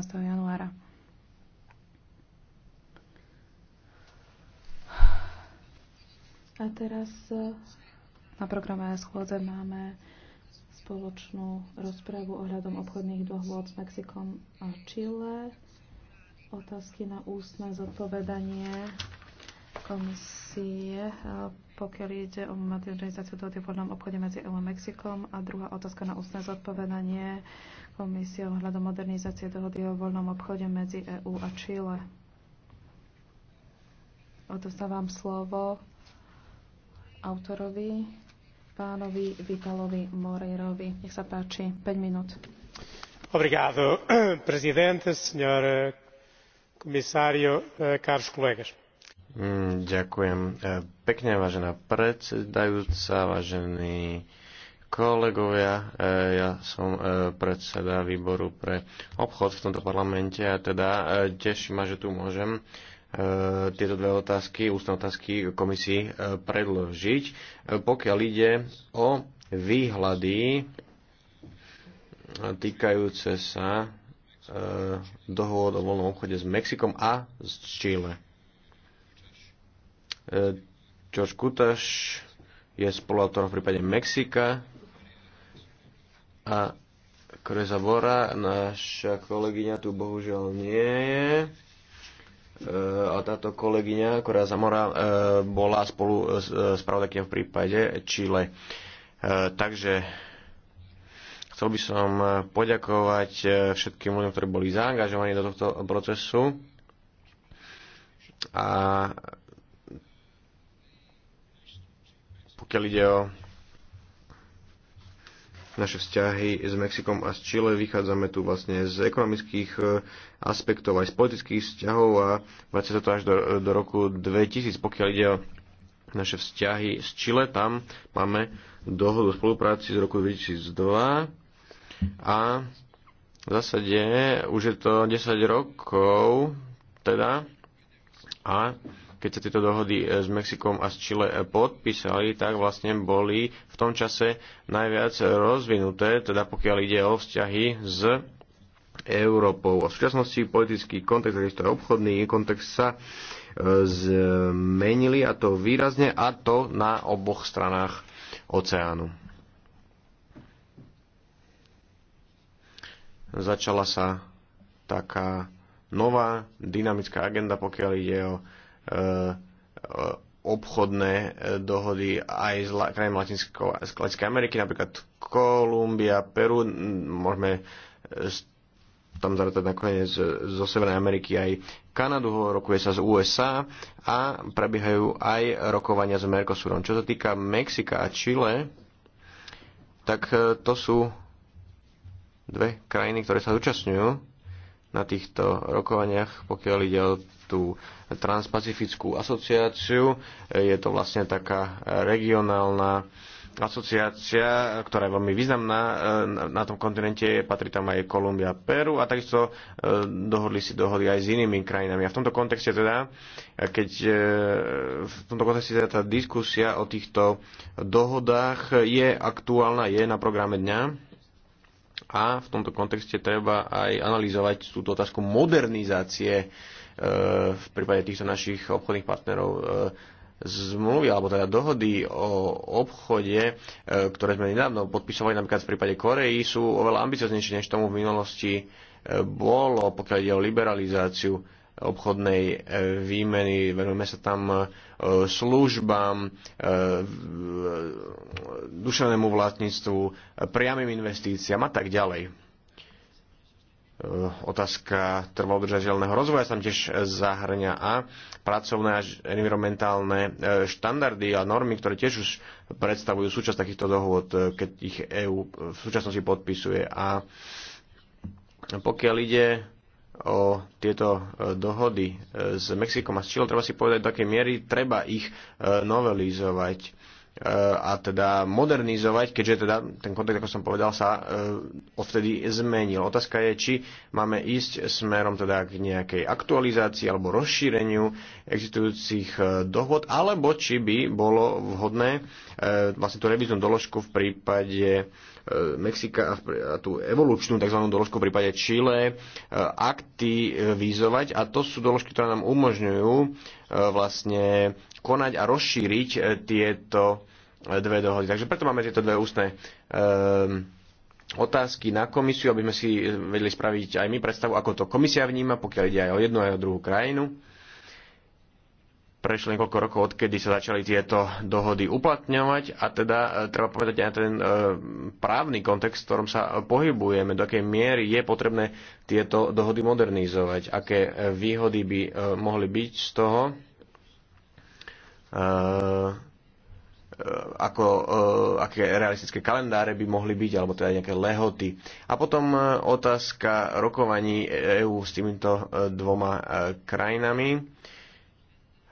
16. januára. A teraz e, na programe schôdze máme spoločnú rozpravu ohľadom obchodných dohôd s Mexikom a Chile. Otázky na ústne zodpovedanie komisie, eh, pokiaľ ide o materializáciu dohody v voľnom obchode medzi EU a Mexikom. A druhá otázka na ústne zodpovedanie komisie ohľadom modernizácie dohody o voľnom obchode medzi EU a Čile. Odostávam slovo autorovi, pánovi Vitalovi Moreirovi. Nech sa páči, 5 minút. Obrigado, presidente, senhor eh, comissário, eh, caros colegas Mm, ďakujem e, pekne, vážená predsedajúca, vážení kolegovia. E, ja som e, predseda výboru pre obchod v tomto parlamente a teda teším ma, že tu môžem tieto dve otázky, ústne otázky komisii predložiť. Pokiaľ ide o výhľady týkajúce sa dohôd o voľnom obchode s Mexikom a s Číle. George Kutaš je spoluautorom v prípade Mexika a Kreza Bora, naša kolegyňa tu bohužiaľ nie je. E, a táto kolegyňa ktorá zamora e, bola spolu s e, spravodajkňa v prípade Chile. Takže chcel by som poďakovať všetkým ľuďom, ktorí boli zaangažovaní do tohto procesu. A Pokiaľ ide o naše vzťahy s Mexikom a s Chile. Vychádzame tu vlastne z ekonomických e, aspektov, aj z politických vzťahov a vracia sa to až do, do roku 2000, pokiaľ ide o naše vzťahy s Chile. Tam máme dohodu o spolupráci z roku 2002 a v zásade už je to 10 rokov teda a keď sa tieto dohody e, s Mexikom a s Chile e, podpísali, tak vlastne boli v tom čase najviac rozvinuté, teda pokiaľ ide o vzťahy s Európou. A v súčasnosti politický kontext, takisto obchodný kontext sa e, zmenili a to výrazne a to na oboch stranách oceánu. Začala sa taká nová dynamická agenda, pokiaľ ide o E, obchodné e, dohody aj s krajín Latinskej Ameriky, napríklad Kolumbia, Peru, môžeme e, tam zaradať nakoniec zo Severnej Ameriky aj Kanadu, rokuje sa z USA a prebiehajú aj rokovania s Mercosurom. Čo sa týka Mexika a Chile, tak to sú dve krajiny, ktoré sa zúčastňujú na týchto rokovaniach, pokiaľ ide o tú Transpacifickú asociáciu. Je to vlastne taká regionálna asociácia, ktorá je veľmi významná e, na tom kontinente, patrí tam aj Kolumbia, Peru a takisto e, dohodli si dohody aj s inými krajinami. A v tomto kontexte teda, e, keď v tomto kontexte teda tá diskusia o týchto dohodách je aktuálna, je na programe dňa a v tomto kontexte treba aj analyzovať túto otázku modernizácie e, v prípade týchto našich obchodných partnerov e, zmluvy alebo teda dohody o obchode, e, ktoré sme nedávno podpisovali napríklad v prípade Korei, sú oveľa ambicioznejšie, než tomu v minulosti bolo, pokiaľ ide o liberalizáciu obchodnej e, výmeny, venujeme sa tam e, službám, e, duševnému vlastníctvu, priamým investíciám a tak ďalej. Otázka trvalodržateľného rozvoja sa tam tiež zahrňa a pracovné a environmentálne štandardy a normy, ktoré tiež už predstavujú súčasť takýchto dohôd, keď ich EÚ v súčasnosti podpisuje. A pokiaľ ide o tieto e, dohody e, s Mexikom a s Čilom, treba si povedať, do akej miery treba ich e, novelizovať a teda modernizovať, keďže teda ten kontakt, ako som povedal, sa odvtedy zmenil. Otázka je, či máme ísť smerom teda k nejakej aktualizácii alebo rozšíreniu existujúcich dohod, alebo či by bolo vhodné vlastne tú revíznu doložku v prípade Mexika a tú evolučnú tzv. doložku v prípade Chile e, aktivizovať e, a to sú doložky, ktoré nám umožňujú e, vlastne konať a rozšíriť tieto dve dohody. Takže preto máme tieto dve ústne otázky na komisiu, aby sme si vedeli spraviť aj my predstavu, ako to komisia vníma, pokiaľ ide aj o jednu aj o druhú krajinu prešlo niekoľko rokov, odkedy sa začali tieto dohody uplatňovať a teda e, treba povedať aj ten e, právny kontext, v ktorom sa pohybujeme, do akej miery je potrebné tieto dohody modernizovať, aké e, výhody by mohli byť z toho, ako, aké realistické kalendáre by mohli byť, alebo teda nejaké lehoty. A potom otázka rokovaní EÚ s týmito dvoma krajinami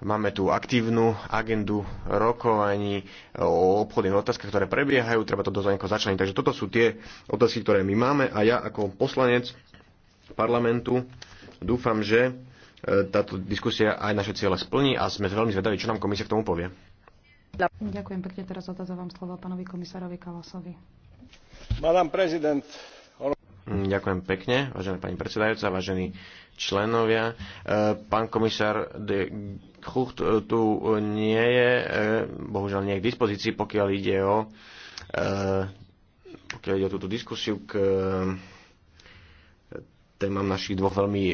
Máme tu aktívnu agendu rokovaní o obchodných otázkach, ktoré prebiehajú, treba to dozvanko začať. Takže toto sú tie otázky, ktoré my máme a ja ako poslanec parlamentu dúfam, že e, táto diskusia aj naše ciele splní a sme veľmi zvedaví, čo nám komisia k tomu povie. Ďakujem pekne, teraz odazávam slovo pánovi komisárovi Kalasovi. Madam prezident, Mm, ďakujem pekne, vážená pani predsedajúca, vážení členovia. E, pán komisár de Chucht e, tu nie je, e, bohužiaľ nie je k dispozícii, pokiaľ ide o, pokiaľ ide o túto diskusiu k témam našich dvoch veľmi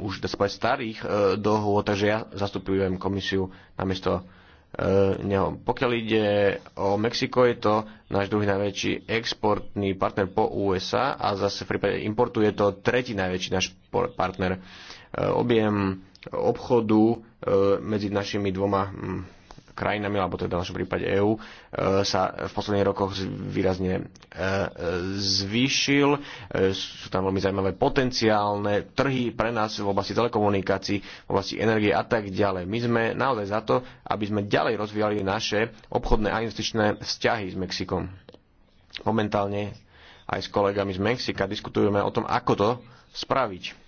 už starých dohôd, takže ja zastupujem komisiu namiesto E, neho. Pokiaľ ide o Mexiko, je to náš druhý najväčší exportný partner po USA a zase v prípade importu je to tretí najväčší náš partner. E, objem obchodu e, medzi našimi dvoma krajinami, alebo teda v našom prípade EÚ, e, sa v posledných rokoch výrazne e, zvýšil. E, sú tam veľmi zaujímavé potenciálne trhy pre nás v oblasti telekomunikácií, v oblasti energie a tak ďalej. My sme naozaj za to, aby sme ďalej rozvíjali naše obchodné a investičné vzťahy s Mexikom. Momentálne aj s kolegami z Mexika diskutujeme o tom, ako to spraviť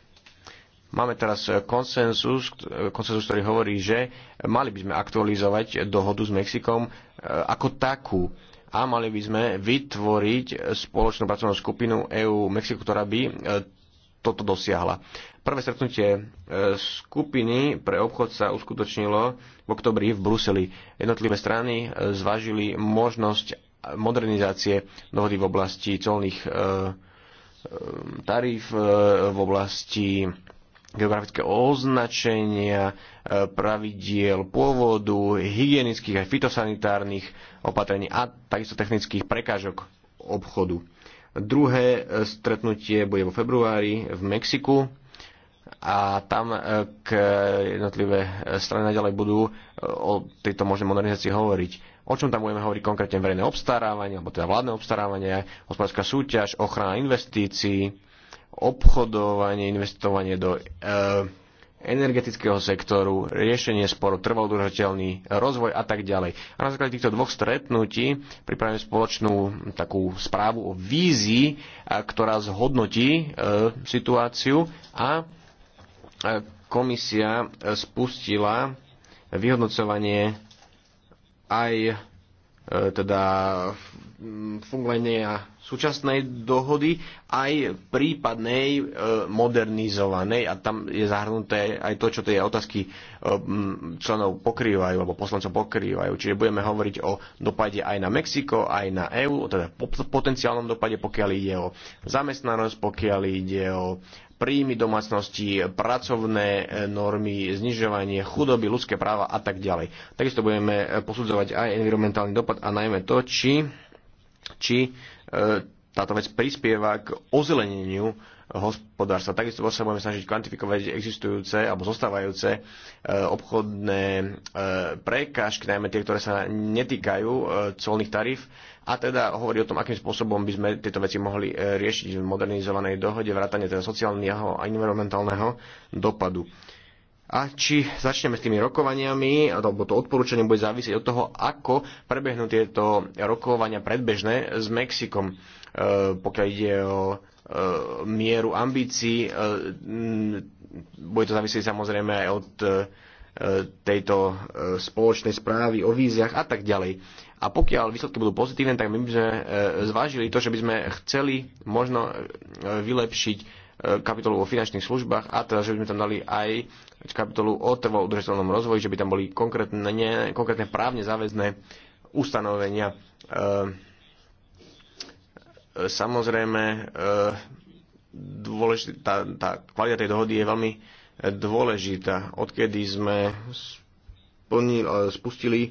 Máme teraz e, konsenzus, e, konsenzus, ktorý hovorí, že mali by sme aktualizovať dohodu s Mexikom e, ako takú a mali by sme vytvoriť spoločnú pracovnú skupinu EU-Mexiku, ktorá by toto dosiahla. Prvé stretnutie skupiny pre obchod sa uskutočnilo v oktobri v Bruseli. Jednotlivé strany zvážili možnosť modernizácie dohody v oblasti colných taríf, v oblasti geografické označenia, e, pravidiel pôvodu, hygienických aj fitosanitárnych opatrení a takisto technických prekážok obchodu. Druhé e, stretnutie bude vo februári v Mexiku a tam e, k jednotlivé strany naďalej budú o tejto možnej modernizácii hovoriť. O čom tam budeme hovoriť konkrétne verejné obstarávanie, alebo teda vládne obstarávanie, hospodárska súťaž, ochrana investícií, obchodovanie, investovanie do e, energetického sektoru, riešenie sporu, trvalodržateľný rozvoj a tak ďalej. A na základe týchto dvoch stretnutí pripravíme spoločnú takú správu o vízii, e, ktorá zhodnotí e, situáciu a e, komisia spustila vyhodnocovanie aj e, teda Mm, fungovania súčasnej dohody aj prípadnej e, modernizovanej a tam je zahrnuté aj to, čo tie otázky e, mm, členov pokrývajú alebo poslancov pokrývajú. Čiže budeme hovoriť o dopade aj na Mexiko, aj na EÚ, teda potenciálnom dopade, pokiaľ ide o zamestnanosť, pokiaľ ide o príjmy domácnosti, pracovné e, normy, znižovanie chudoby, ľudské práva a tak ďalej. Takisto budeme posudzovať aj environmentálny dopad a najmä to, či či e, táto vec prispieva k ozeleneniu hospodárstva. Takisto sa budeme snažiť kvantifikovať existujúce alebo zostávajúce e, obchodné e, prekážky, najmä tie, ktoré sa netýkajú colných tarif a teda hovorí o tom, akým spôsobom by sme tieto veci mohli riešiť v modernizovanej dohode, vrátane teda sociálneho a environmentálneho dopadu a či začneme s tými rokovaniami, alebo to odporúčanie bude závisieť od toho, ako prebehnú tieto rokovania predbežné s Mexikom, e, pokiaľ ide o e, mieru ambícií. E, bude to závisieť samozrejme aj od tejto spoločnej správy o víziach a tak ďalej. A pokiaľ výsledky budú pozitívne, tak my by sme zvážili to, že by sme chceli možno vylepšiť kapitolu o finančných službách a teda, že by sme tam dali aj kapitolu o trvalo udržateľnom rozvoji, že by tam boli konkrétne, konkrétne právne záväzné ustanovenia. E, e, samozrejme, e, dôležitá, tá, tá kvalita tej dohody je veľmi dôležitá. Odkedy sme splnil, spustili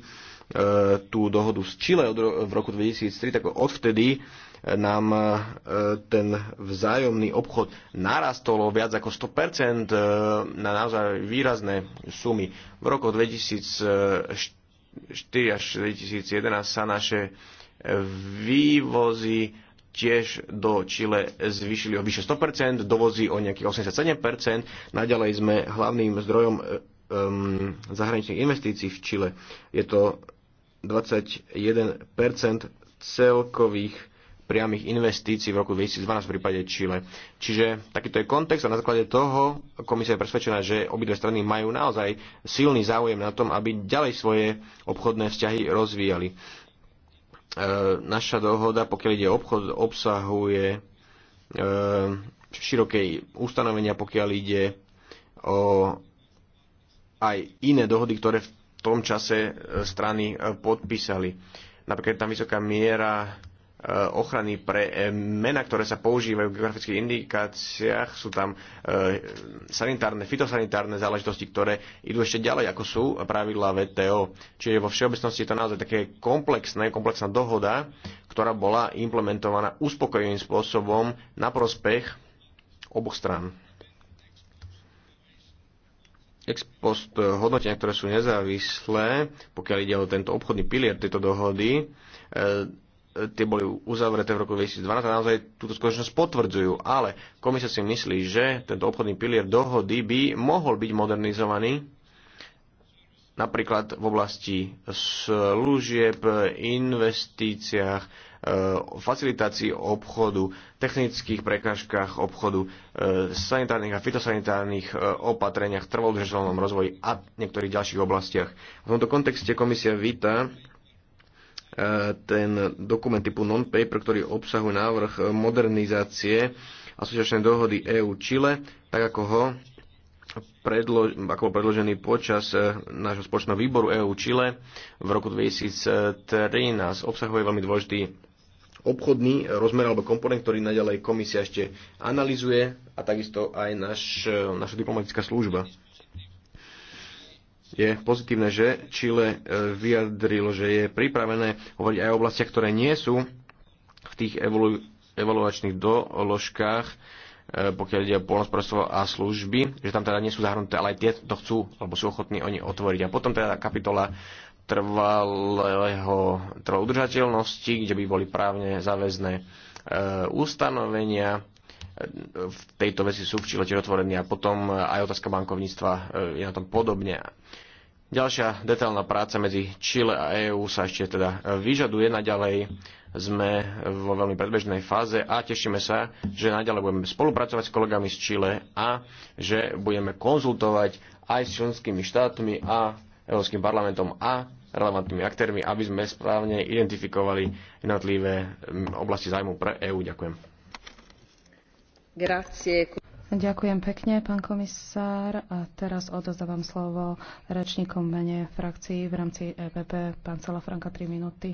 tú dohodu z Chile v roku 2003, tak odvtedy nám e, ten vzájomný obchod narastol o viac ako 100% e, na naozaj výrazné sumy. V roku 2004 až 2011 sa naše vývozy tiež do Čile zvýšili o vyše 100%, dovozy o nejakých 87%. Naďalej sme hlavným zdrojom um, zahraničných investícií v Čile. Je to 21% celkových priamých investícií v roku 2012 v prípade Čile. Čiže takýto je kontext a na základe toho komisia je presvedčená, že obidve strany majú naozaj silný záujem na tom, aby ďalej svoje obchodné vzťahy rozvíjali. E, naša dohoda, pokiaľ ide obchod, obsahuje e, široké ustanovenia, pokiaľ ide o aj iné dohody, ktoré v tom čase e, strany e, podpísali. Napríklad tam vysoká miera Eh, ochrany pre eh, mena, ktoré sa používajú v geografických indikáciách. Sú tam eh, sanitárne, fitosanitárne záležitosti, ktoré idú ešte ďalej, ako sú pravidlá VTO. Čiže vo všeobecnosti je to naozaj také komplexné, komplexná dohoda, ktorá bola implementovaná uspokojivým spôsobom na prospech oboch strán ex post hodnotenia, ktoré sú nezávislé, pokiaľ ide o tento obchodný pilier tejto dohody, tie boli uzavreté v roku 2012 a naozaj túto skutočnosť potvrdzujú. Ale komisia si myslí, že tento obchodný pilier dohody by mohol byť modernizovaný napríklad v oblasti služieb, investíciách, e, facilitácii obchodu, technických prekážkach obchodu, e, sanitárnych a fitosanitárnych e, opatreniach, trvodržateľnom rozvoji a niektorých ďalších oblastiach. V tomto kontexte komisia víta ten dokument typu non-paper, ktorý obsahuje návrh modernizácie asociačnej dohody EU-Chile, tak ako ho ako bol predložený počas eh, nášho spoločného výboru EU Chile v roku 2013. Obsahuje veľmi dôležitý obchodný rozmer alebo komponent, ktorý naďalej komisia ešte analizuje a takisto aj naš, eh, naša diplomatická služba je pozitívne, že Čile e, vyjadrilo, že je pripravené hovoriť aj o oblastiach, ktoré nie sú v tých evolu- evaluačných doložkách, e, pokiaľ ide o polnospodárstvo a služby, že tam teda nie sú zahrnuté, ale aj tie to chcú, alebo sú ochotní oni otvoriť. A potom teda kapitola trvalého, trvalého udržateľnosti, kde by boli právne záväzné e, ustanovenia. E, v tejto veci sú v Čile tiež otvorení a potom e, aj otázka bankovníctva e, je na tom podobne. Ďalšia detailná práca medzi Čile a EÚ sa ešte teda e, vyžaduje naďalej. Sme vo veľmi predbežnej fáze a tešíme sa, že naďalej budeme spolupracovať s kolegami z Čile a že budeme konzultovať aj s členskými štátmi a Európskym parlamentom a relevantnými aktérmi, aby sme správne identifikovali jednotlivé oblasti zájmu pre EÚ. Ďakujem. Grazie. Ďakujem pekne, pán komisár. A teraz odozdávam slovo rečníkom mene frakcií v rámci EPP. Pán Franka, 3 minúty.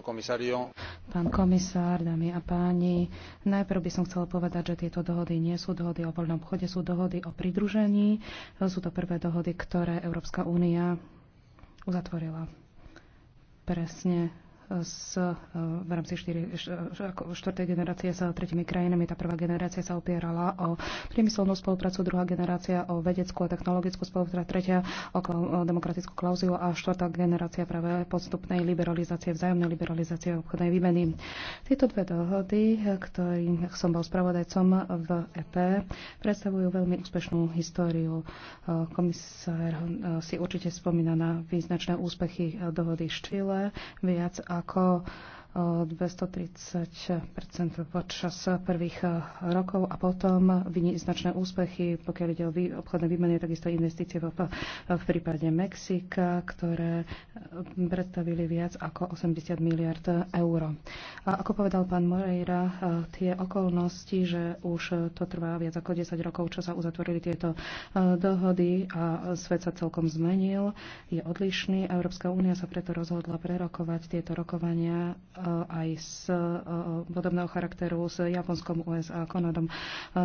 Komisario. Pán komisár, dámy a páni, najprv by som chcela povedať, že tieto dohody nie sú dohody o voľnom obchode, sú dohody o pridružení. Sú to prvé dohody, ktoré Európska únia uzatvorila presne s, e, v rámci štvrtej generácie s tretimi krajinami. Tá prvá generácia sa opierala o priemyselnú spoluprácu, druhá generácia o vedeckú a technologickú spoluprácu, tretia o, o demokratickú klauziu a štvrtá generácia práve postupnej liberalizácie, vzájomnej liberalizácie obchodnej výmeny. Tieto dve dohody, ktorým som bol spravodajcom v EP, predstavujú veľmi úspešnú históriu. E, komisár e, si určite spomína na význačné úspechy dohody štile viac a ako 230 počas prvých eh, rokov a potom vidí značné úspechy, pokiaľ ide o obchodné výmeny, takisto investície v, v prípade Mexika, ktoré eh, predstavili viac ako 80 miliard eur. A ako povedal pán Moreira, eh, tie okolnosti, že už to trvá viac ako 10 rokov, čo sa uzatvorili tieto dohody a svet sa celkom zmenil, je odlišný. Európska únia sa preto rozhodla prerokovať tieto rokovania Eh, aj s eh, podobného charakteru s Japonskom, USA, Kanadom, eh,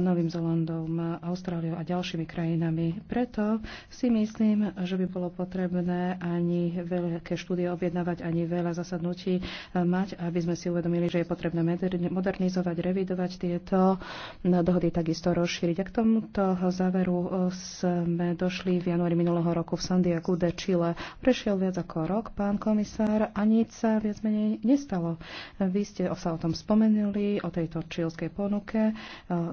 Novým Zelandom, Austráliou a ďalšími krajinami. Preto si myslím, že by bolo potrebné ani veľké štúdie objednávať, ani veľa zasadnutí mať, aby sme si uvedomili, že je potrebné modernizovať, revidovať tieto dohody, takisto rozšíriť. A k tomuto záveru sme došli v januári minulého roku v San Diego de Chile. Prešiel viac ako rok, pán komisár, a nič sa viac menej nestalo. Vy ste sa o tom spomenuli, o tejto čílskej ponuke, e,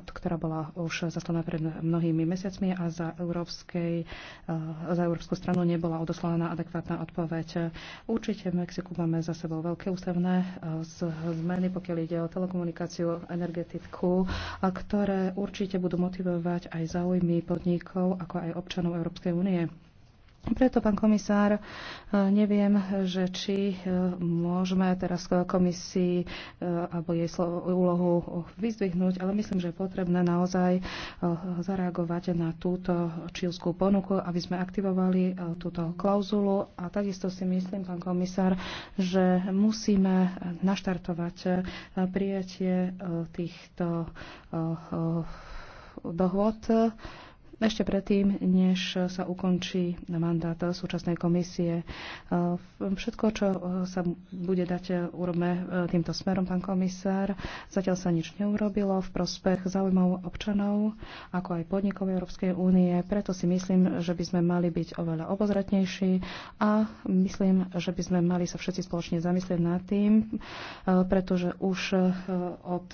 ktorá bola už zaslaná pred mnohými mesiacmi a za, európskej, e, za európsku stranu nebola odoslaná adekvátna odpoveď. Určite v Mexiku máme za sebou veľké ústavné e, zmeny, pokiaľ ide o telekomunikáciu, energetiku, ktoré určite budú motivovať aj záujmy podnikov, ako aj občanov Európskej únie. Preto, pán komisár, e, neviem, že či e, môžeme teraz komisii e, alebo jej úlohu vyzdvihnúť, ale myslím, že je potrebné naozaj zareagovať na túto čílskú ponuku, aby sme aktivovali túto klauzulu. A takisto si myslím, pán komisár, že musíme naštartovať prijatie týchto dohôd ešte predtým, než sa ukončí mandát súčasnej komisie. E, všetko, čo e, sa bude dať, e, urobme týmto smerom, pán komisár. Zatiaľ sa nič neurobilo v prospech zaujímav občanov, ako aj podnikov Európskej únie. Preto si myslím, že by sme mali byť oveľa obozretnejší a myslím, že by sme mali sa všetci spoločne zamyslieť nad tým, pretože už od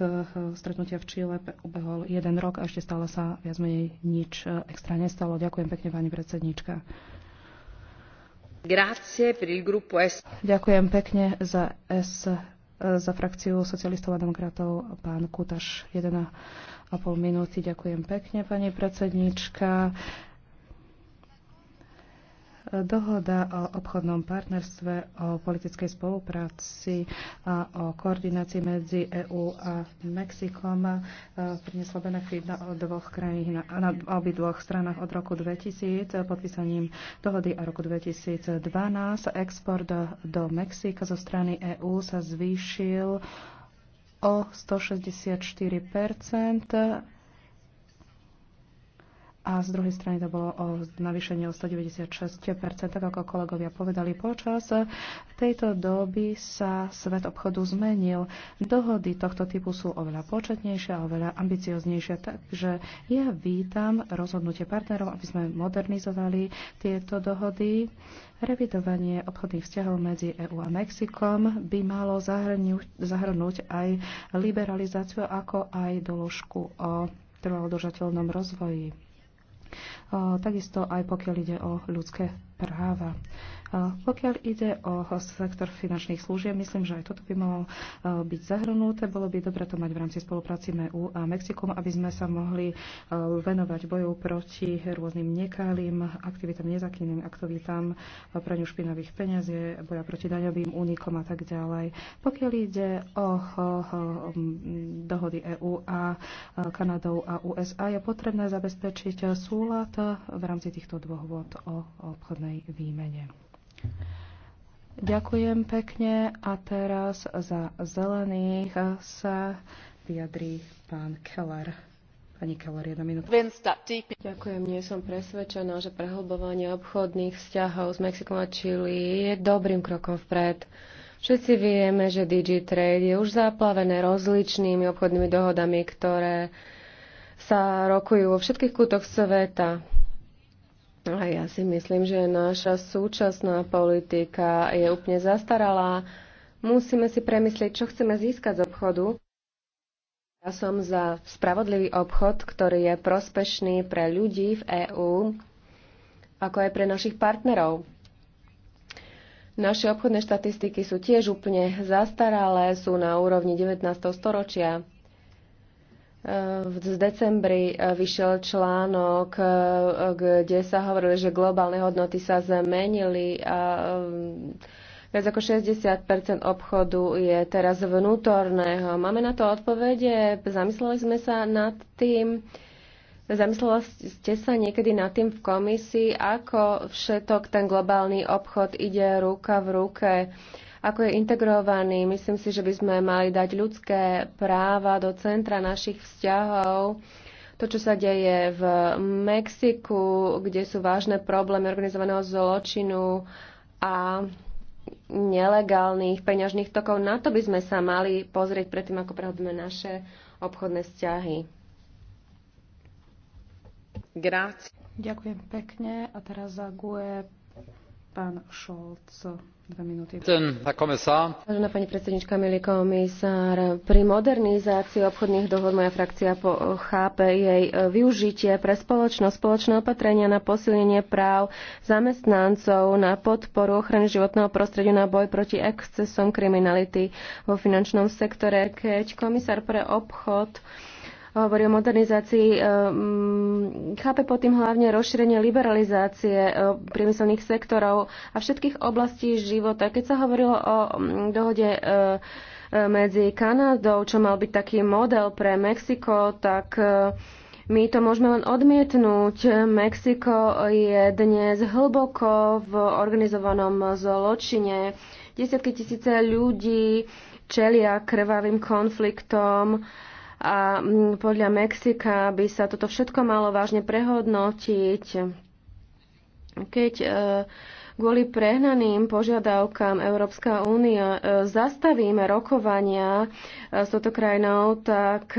stretnutia v Číle ubehol jeden rok a ešte stále sa viac menej nič extra nestalo. Ďakujem pekne, pani predsedníčka. Ďakujem pekne za S za frakciu socialistov a demokratov pán Kutaš 1,5 minúty. Ďakujem pekne, pani predsednička. Dohoda o obchodnom partnerstve, o politickej spolupráci a o koordinácii medzi EÚ a Mexikom priniesla benefit na, dvoch krajín, na dvoch stranách od roku 2000 podpísaním dohody a roku 2012. Export do Mexika zo strany EÚ sa zvýšil o 164 a z druhej strany to bolo o navýšenie o 196 tak ako kolegovia povedali. Počas tejto doby sa svet obchodu zmenil. Dohody tohto typu sú oveľa početnejšie a oveľa ambicioznejšie, takže ja vítam rozhodnutie partnerov, aby sme modernizovali tieto dohody. Revidovanie obchodných vzťahov medzi EÚ a Mexikom by malo zahrnúť aj liberalizáciu, ako aj doložku o trvalodržateľnom rozvoji takisto aj pokiaľ ide o ľudské práva. Pokiaľ ide o sektor finančných služieb, myslím, že aj toto by malo e, byť zahrnuté. Bolo by dobre to mať v rámci spolupráci EU a Mexikom, aby sme sa mohli e, venovať boju proti rôznym nekalým aktivitám, nezakinným aktivitám, e, praniu špinavých peniazí, boja proti daňovým únikom a tak ďalej. Pokiaľ ide o dohody EU a Kanadou a USA, je potrebné zabezpečiť súlad v rámci týchto dvoch vod o obchodnej obchodnej výmene. Ďakujem pekne a teraz za zelených sa vyjadrí pán Keller. Pani Keller, jedna minúta. Ďakujem, nie som presvedčená, že prehlbovanie obchodných vzťahov s Mexikom a Čili je dobrým krokom vpred. Všetci vieme, že Digitrade je už zaplavené rozličnými obchodnými dohodami, ktoré sa rokujú vo všetkých kútoch sveta. A ja si myslím, že naša súčasná politika je úplne zastaralá. Musíme si premyslieť, čo chceme získať z obchodu. Ja som za spravodlivý obchod, ktorý je prospešný pre ľudí v EÚ, ako aj pre našich partnerov. Naše obchodné štatistiky sú tiež úplne zastaralé, sú na úrovni 19. storočia. V decembri e, vyšiel článok, e, e, kde sa hovorilo, že globálne hodnoty sa zmenili a viac ako 60 obchodu je teraz vnútorného. Máme na to odpovede? Zamysleli sme sa nad tým? Zamyslela ste sa niekedy nad tým v komisii, ako všetok ten globálny obchod ide ruka v ruke ako je integrovaný. Myslím si, že by sme mali dať ľudské práva do centra našich vzťahov. To, čo sa deje v Mexiku, kde sú vážne problémy organizovaného zločinu a nelegálnych peňažných tokov, na to by sme sa mali pozrieť predtým, ako prehodíme naše obchodné vzťahy. Grazie. Ďakujem pekne. A teraz za GUE pán Šolc. Vážená pani predsedníčka milý komisár, pri modernizácii obchodných dohod moja frakcia chápe jej e, využitie pre spoločnosť, spoločné opatrenia na posilnenie práv zamestnancov, na podporu ochrany životného prostredia, na boj proti excesom kriminality vo finančnom sektore. Keď komisár pre obchod hovorí o modernizácii. Eh, mm, chápe pod tým hlavne rozšírenie liberalizácie eh, priemyselných sektorov a všetkých oblastí života. Keď sa hovorilo o mm, dohode eh, medzi Kanadou, čo mal byť taký model pre Mexiko, tak my to môžeme len odmietnúť. Mexiko je dnes hlboko v organizovanom zločine. Desiatky tisíce ľudí čelia krvavým konfliktom a mm, podľa Mexika by sa toto všetko malo vážne prehodnotiť. Keď e, kvôli prehnaným požiadavkám Európska únia e, zastavíme rokovania e, s touto krajinou, tak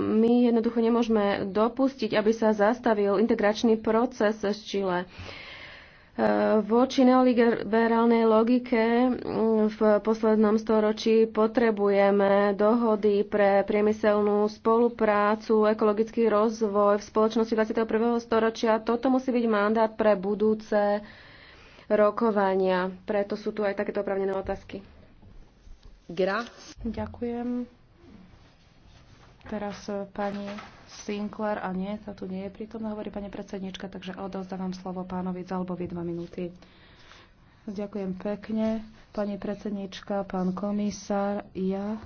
my jednoducho nemôžeme dopustiť, aby sa zastavil integračný proces z Čile voči neoliberálnej logike mm, v poslednom storočí potrebujeme dohody pre priemyselnú spoluprácu, ekologický rozvoj v spoločnosti 21. storočia. Toto musí byť mandát pre budúce rokovania. Preto sú tu aj takéto opravnené otázky. Gra. Ďakujem. Teraz e, pani Sinclair, a nie, tá tu nie je prítomná, hovorí pani predsednička, takže odozdávam slovo pánovi Zalbovi dva minúty. Ďakujem pekne. Pani predsednička, pán komisár, ja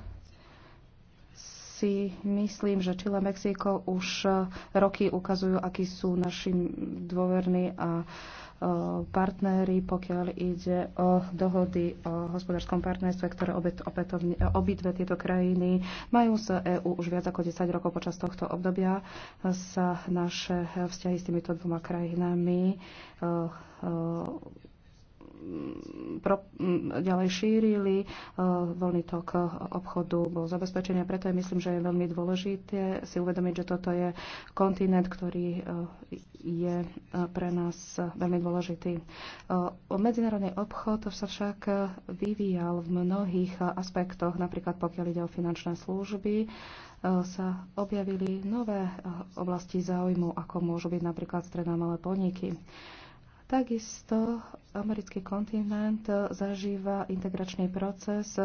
si myslím, že Chile a Mexiko už e, roky ukazujú, akí sú naši dôverní a partnery, pokiaľ ide o dohody o hospodárskom partnerstve, ktoré obidve tieto krajiny majú z EÚ už viac ako 10 rokov počas tohto obdobia. Sa naše vzťahy s týmito dvoma krajinami pro, ďalej šírili, e, voľný tok obchodu bol zabezpečený a preto je myslím, že je veľmi dôležité si uvedomiť, že toto je kontinent, ktorý e, je e, pre nás veľmi dôležitý. Medzinárodný obchod sa však vyvíjal v mnohých aspektoch, napríklad pokiaľ ide o finančné služby, sa objavili nové oblasti záujmu, ako môžu byť napríklad stredná malé podniky. Takisto americký kontinent zažíva integračný proces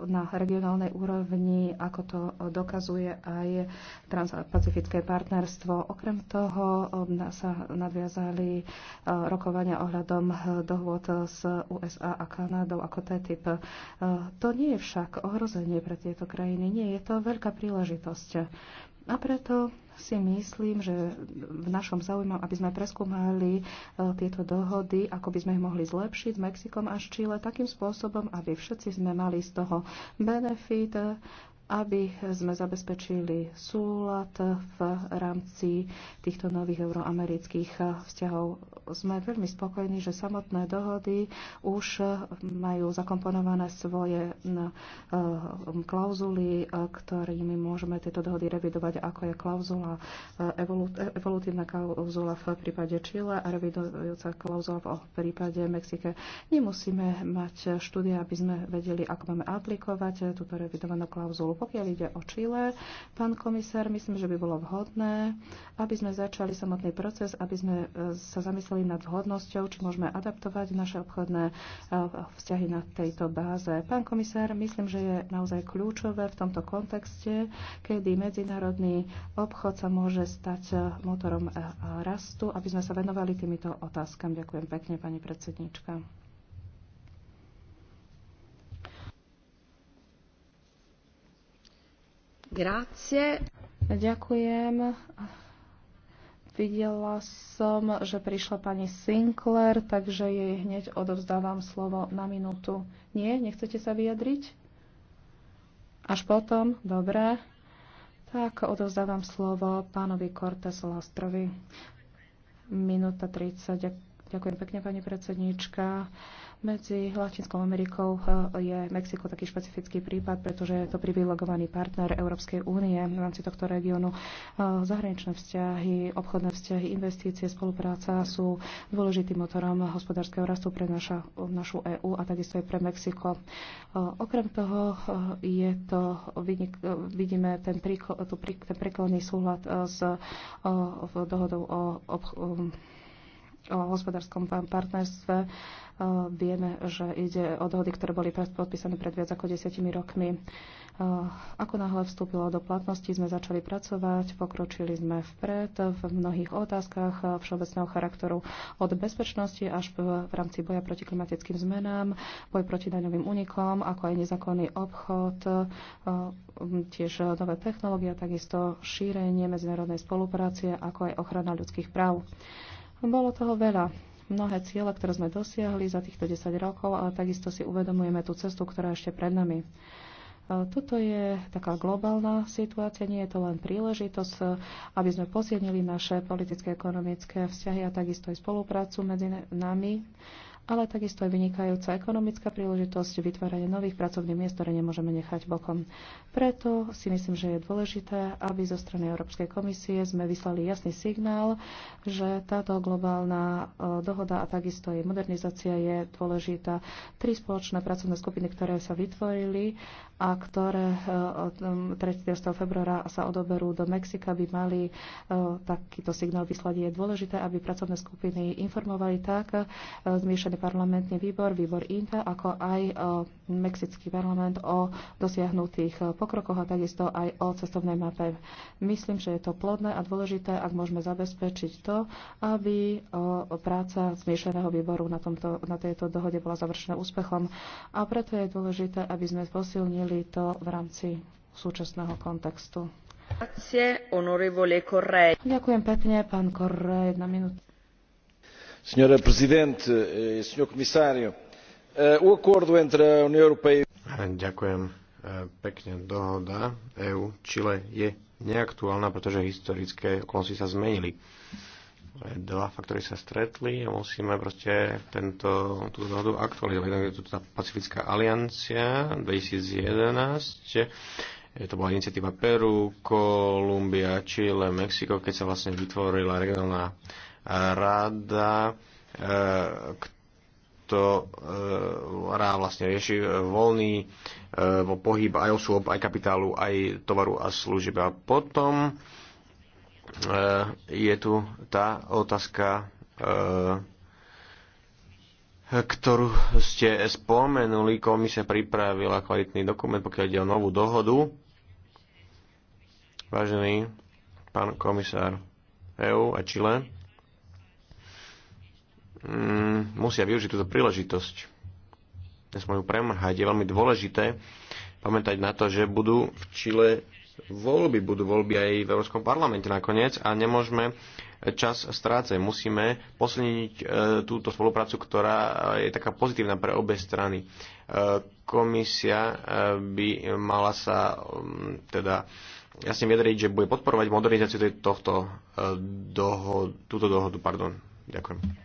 na regionálnej úrovni, ako to dokazuje aj transpacifické partnerstvo. Okrem toho um, sa nadviazali rokovania ohľadom dohôd s USA a Kanadou ako TTIP. To nie je však ohrozenie pre tieto krajiny, nie je to veľká príležitosť a preto si myslím, že v našom záujme, aby sme preskúmali e, tieto dohody, ako by sme ich mohli zlepšiť s Mexikom a s Čile takým spôsobom, aby všetci sme mali z toho benefit aby sme zabezpečili súlad v rámci týchto nových euroamerických vzťahov. Sme veľmi spokojní, že samotné dohody už majú zakomponované svoje e, klauzuly, e, ktorými môžeme tieto dohody revidovať, ako je klauzula, e, evolutívna klauzula v prípade Chile a revidujúca klauzula v prípade Mexike. Nemusíme mať štúdia, aby sme vedeli, ako máme aplikovať túto revidovanú klauzulu pokiaľ ide o Čile, pán komisár, myslím, že by bolo vhodné, aby sme začali samotný proces, aby sme e, sa zamysleli nad vhodnosťou, či môžeme adaptovať naše obchodné e, vzťahy na tejto báze. Pán komisár, myslím, že je naozaj kľúčové v tomto kontexte, kedy medzinárodný obchod sa môže stať e, motorom rastu, aby sme sa venovali týmito otázkam. Ďakujem pekne, pani predsedníčka. Grazie. Ďakujem. Videla som, že prišla pani Sinclair, takže jej hneď odovzdávam slovo na minútu. Nie? Nechcete sa vyjadriť? Až potom? Dobre. Tak odovzdávam slovo pánovi Cortes Lastrovi. Minúta 30. Ďakujem pekne, pani predsedníčka. Medzi Latinskou Amerikou eh, je Mexiko taký špecifický prípad, pretože je to privilegovaný partner Európskej únie v rámci tohto regiónu. Eh, zahraničné vzťahy, obchodné vzťahy, investície, spolupráca sú dôležitým motorom hospodárskeho rastu pre naša, našu EÚ a takisto aj pre Mexiko. Eh, okrem toho je to, vidíme ten, príko, ten prekladný súhľad s dohodou o, o o hospodárskom partnerstve. E, vieme, že ide o dohody, ktoré boli podpísané pred viac ako desiatimi rokmi. E, ako náhle vstúpilo do platnosti, sme začali pracovať, pokročili sme vpred v mnohých otázkach všeobecného charakteru od bezpečnosti až v rámci boja proti klimatickým zmenám, boj proti daňovým únikom, ako aj nezákonný obchod, e, tiež nové technológie, takisto šírenie medzinárodnej spolupráce, ako aj ochrana ľudských práv. Bolo toho veľa. Mnohé ciele, ktoré sme dosiahli za týchto 10 rokov, ale takisto si uvedomujeme tú cestu, ktorá ešte pred nami. E, toto je taká globálna situácia, nie je to len príležitosť, e, aby sme posiednili naše politické, ekonomické vzťahy a takisto aj spoluprácu medzi nami ale takisto aj vynikajúca ekonomická príležitosť vytvárania nových pracovných miest, ktoré nemôžeme nechať bokom. Preto si myslím, že je dôležité, aby zo strany Európskej komisie sme vyslali jasný signál, že táto globálna e, dohoda a takisto jej modernizácia je dôležitá. Tri spoločné pracovné skupiny, ktoré sa vytvorili a ktoré e, od 30. februára sa odoberú do Mexika, by mali e, takýto signál vyslať. Je dôležité, aby pracovné skupiny informovali tak zmiešané Medzinárodný parlamentný výbor, výbor INTA, ako aj e, Mexický parlament o dosiahnutých e, pokrokoch a takisto aj o cestovnej mape. Myslím, že je to plodné a dôležité, ak môžeme zabezpečiť to, aby e, práca zmiešaného výboru na, tomto, na tejto dohode bola završená úspechom. A preto je dôležité, aby sme posilnili to v rámci súčasného kontextu. Ďakujem pekne, pán Korre, jedna minúta signora Presidente, eh, Senhor Comissário, o eh, acordo entre a União Europeia... E eh, ďakujem pekne. Dohoda eú Čile je neaktuálna, pretože historické okolnosti sa zmenili. Dva faktory sa stretli a musíme proste tento, túto dohodu aktualizovať. Jednak je tu tá Pacifická aliancia 2011, to bola iniciatíva Peru, Kolumbia, Chile, Mexiko, keď sa vlastne vytvorila regionálna rada, eh, ktorá eh, vlastne rieši eh, voľný pohyb aj osôb, aj kapitálu, aj tovaru a služieb. A potom je tu tá otázka, ktorú ste spomenuli. Komisia pripravila kvalitný dokument, pokiaľ ide o novú dohodu. Vážený pán komisár EU a Chile mm, musia využiť túto príležitosť. Nesmú ju premrhať. Je veľmi dôležité pamätať na to, že budú v Čile voľby, budú voľby aj v Európskom parlamente nakoniec a nemôžeme čas strácať. Musíme posilniť e, túto spoluprácu, ktorá je taká pozitívna pre obe strany. E, komisia e, by mala sa um, teda jasne vyjadriť, že bude podporovať modernizáciu tohto, e, dohod, túto dohodu. Pardon. Ďakujem.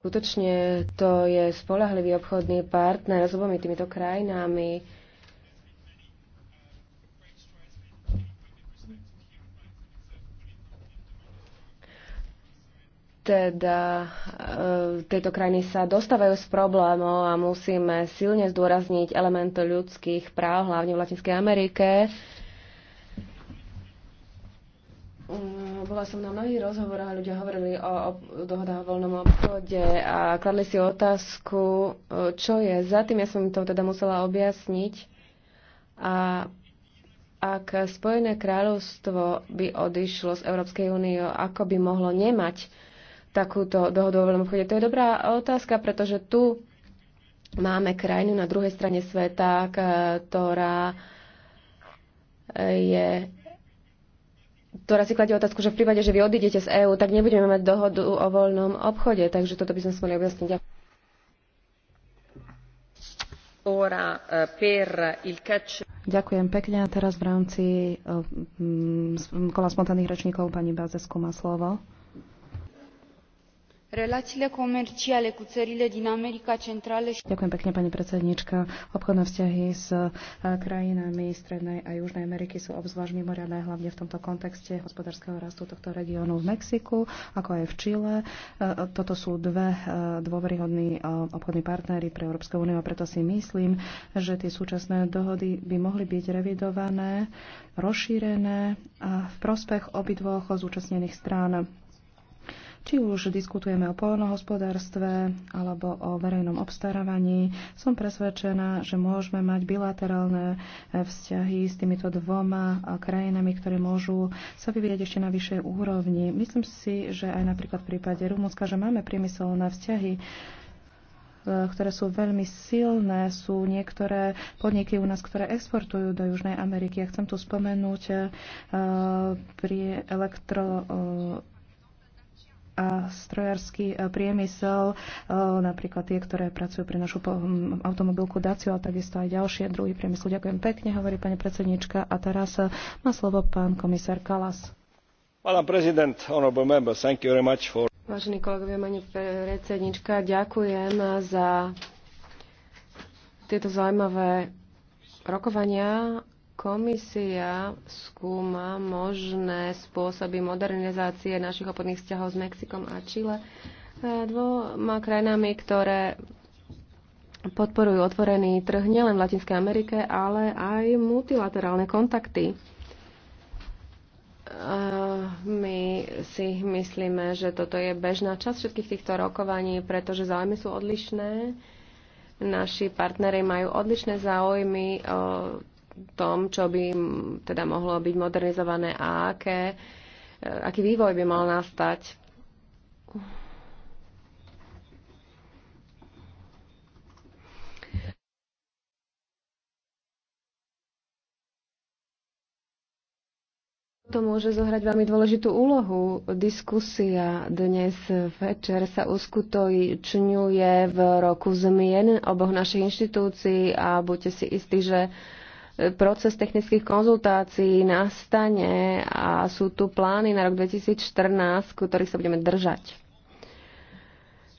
Skutočne to je spolahlivý obchodný partner s obomi týmito krajinami. Teda e, tieto krajiny sa dostávajú z problémov a musíme silne zdôrazniť elementy ľudských práv, hlavne v Latinskej Amerike. Mm bola som na mnohých rozhovoroch a ľudia hovorili o, o dohodách o voľnom obchode a kladli si otázku, e, čo je za tým. Ja som im to teda musela objasniť. A ak Spojené kráľovstvo by odišlo z Európskej únie, ako by mohlo nemať takúto dohodu o voľnom obchode? To je dobrá otázka, pretože tu máme krajinu na druhej strane sveta, ktorá je ktorá si kladie otázku, že v prípade, že vy odídete z EÚ, tak nebudeme mať dohodu o voľnom obchode. Takže toto by sme si mohli objasniť. Ďakujem. Eh, Ďakujem pekne. A teraz v rámci eh, kola spontánnych rečníkov pani Bazesku má slovo. Relațiile comerciale cu țările din America Centrală și... Ďakujem pekne, pani predsednička. Obchodné vzťahy s e, krajinami Strednej a Južnej Ameriky sú obzvlášť mimoriadné, hlavne v tomto kontexte hospodárskeho rastu tohto regiónu v Mexiku, ako aj v Čile. E, e, toto sú dve dôveryhodní obchodní partnery pre Európsku úniu a preto si myslím, že tie súčasné dohody by mohli byť revidované, rozšírené a v prospech obidvoch zúčastnených strán či už diskutujeme o poľnohospodárstve alebo o verejnom obstarávaní, som presvedčená, že môžeme mať bilaterálne eh, vzťahy s týmito dvoma eh, krajinami, ktoré môžu sa vyvíjať ešte na vyššej úrovni. Myslím si, že aj napríklad v prípade Rumunska, že máme priemyselné vzťahy eh, ktoré sú veľmi silné, sú niektoré podniky u nás, ktoré exportujú do Južnej Ameriky. Ja chcem tu spomenúť pri elektro a strojársky e, priemysel, e, napríklad tie, ktoré pracujú pre našu automobilku daciu a takisto aj ďalšie druhý priemysel. Ďakujem pekne, hovorí pani predsednička. A teraz e, má slovo pán komisár Kalas. Madam prezident, honorable member, thank you very much for... Vážení kolegovia, pani predsednička, ďakujem za tieto zaujímavé rokovania Komisia skúma možné spôsoby modernizácie našich obchodných vzťahov s Mexikom a Čile e, dvoma krajinami, ktoré podporujú otvorený trh nielen v Latinskej Amerike, ale aj multilaterálne kontakty. E, my si myslíme, že toto je bežná časť všetkých týchto rokovaní, pretože záujmy sú odlišné. Naši partnery majú odlišné záujmy e, tom, čo by teda mohlo byť modernizované a aké, e, aký vývoj by mal nastať. To môže zohrať veľmi dôležitú úlohu. Diskusia dnes večer sa uskutočňuje v roku zmien oboch našich inštitúcií a buďte si istí, že proces technických konzultácií nastane a sú tu plány na rok 2014, ktorých sa budeme držať.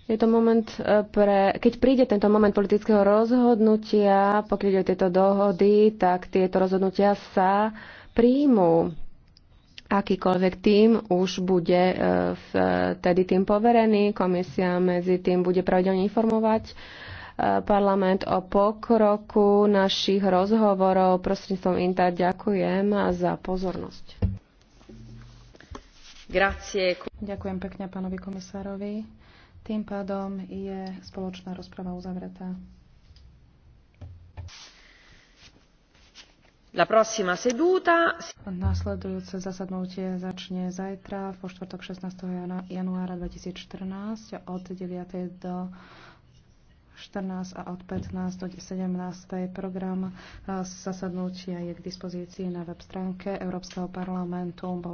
Je to moment e, pre, keď príde tento moment politického rozhodnutia, pokiaľ ide o tieto dohody, tak tieto rozhodnutia sa príjmú. Akýkoľvek tým už bude e, vtedy tým poverený, komisia medzi tým bude pravidelne informovať parlament o pokroku našich rozhovorov prostredníctvom INTA. Ďakujem za pozornosť. Grazie. Ďakujem pekne pánovi komisárovi. Tým pádom je spoločná rozprava uzavretá. La prossima seduta. Nasledujúce zasadnutie začne zajtra, po štvrtok 16. januára 2014 od 9. do 14 a od 15 do 17. program eh, zasadnutia je k dispozícii na web stránke Európskeho parlamentu. Bol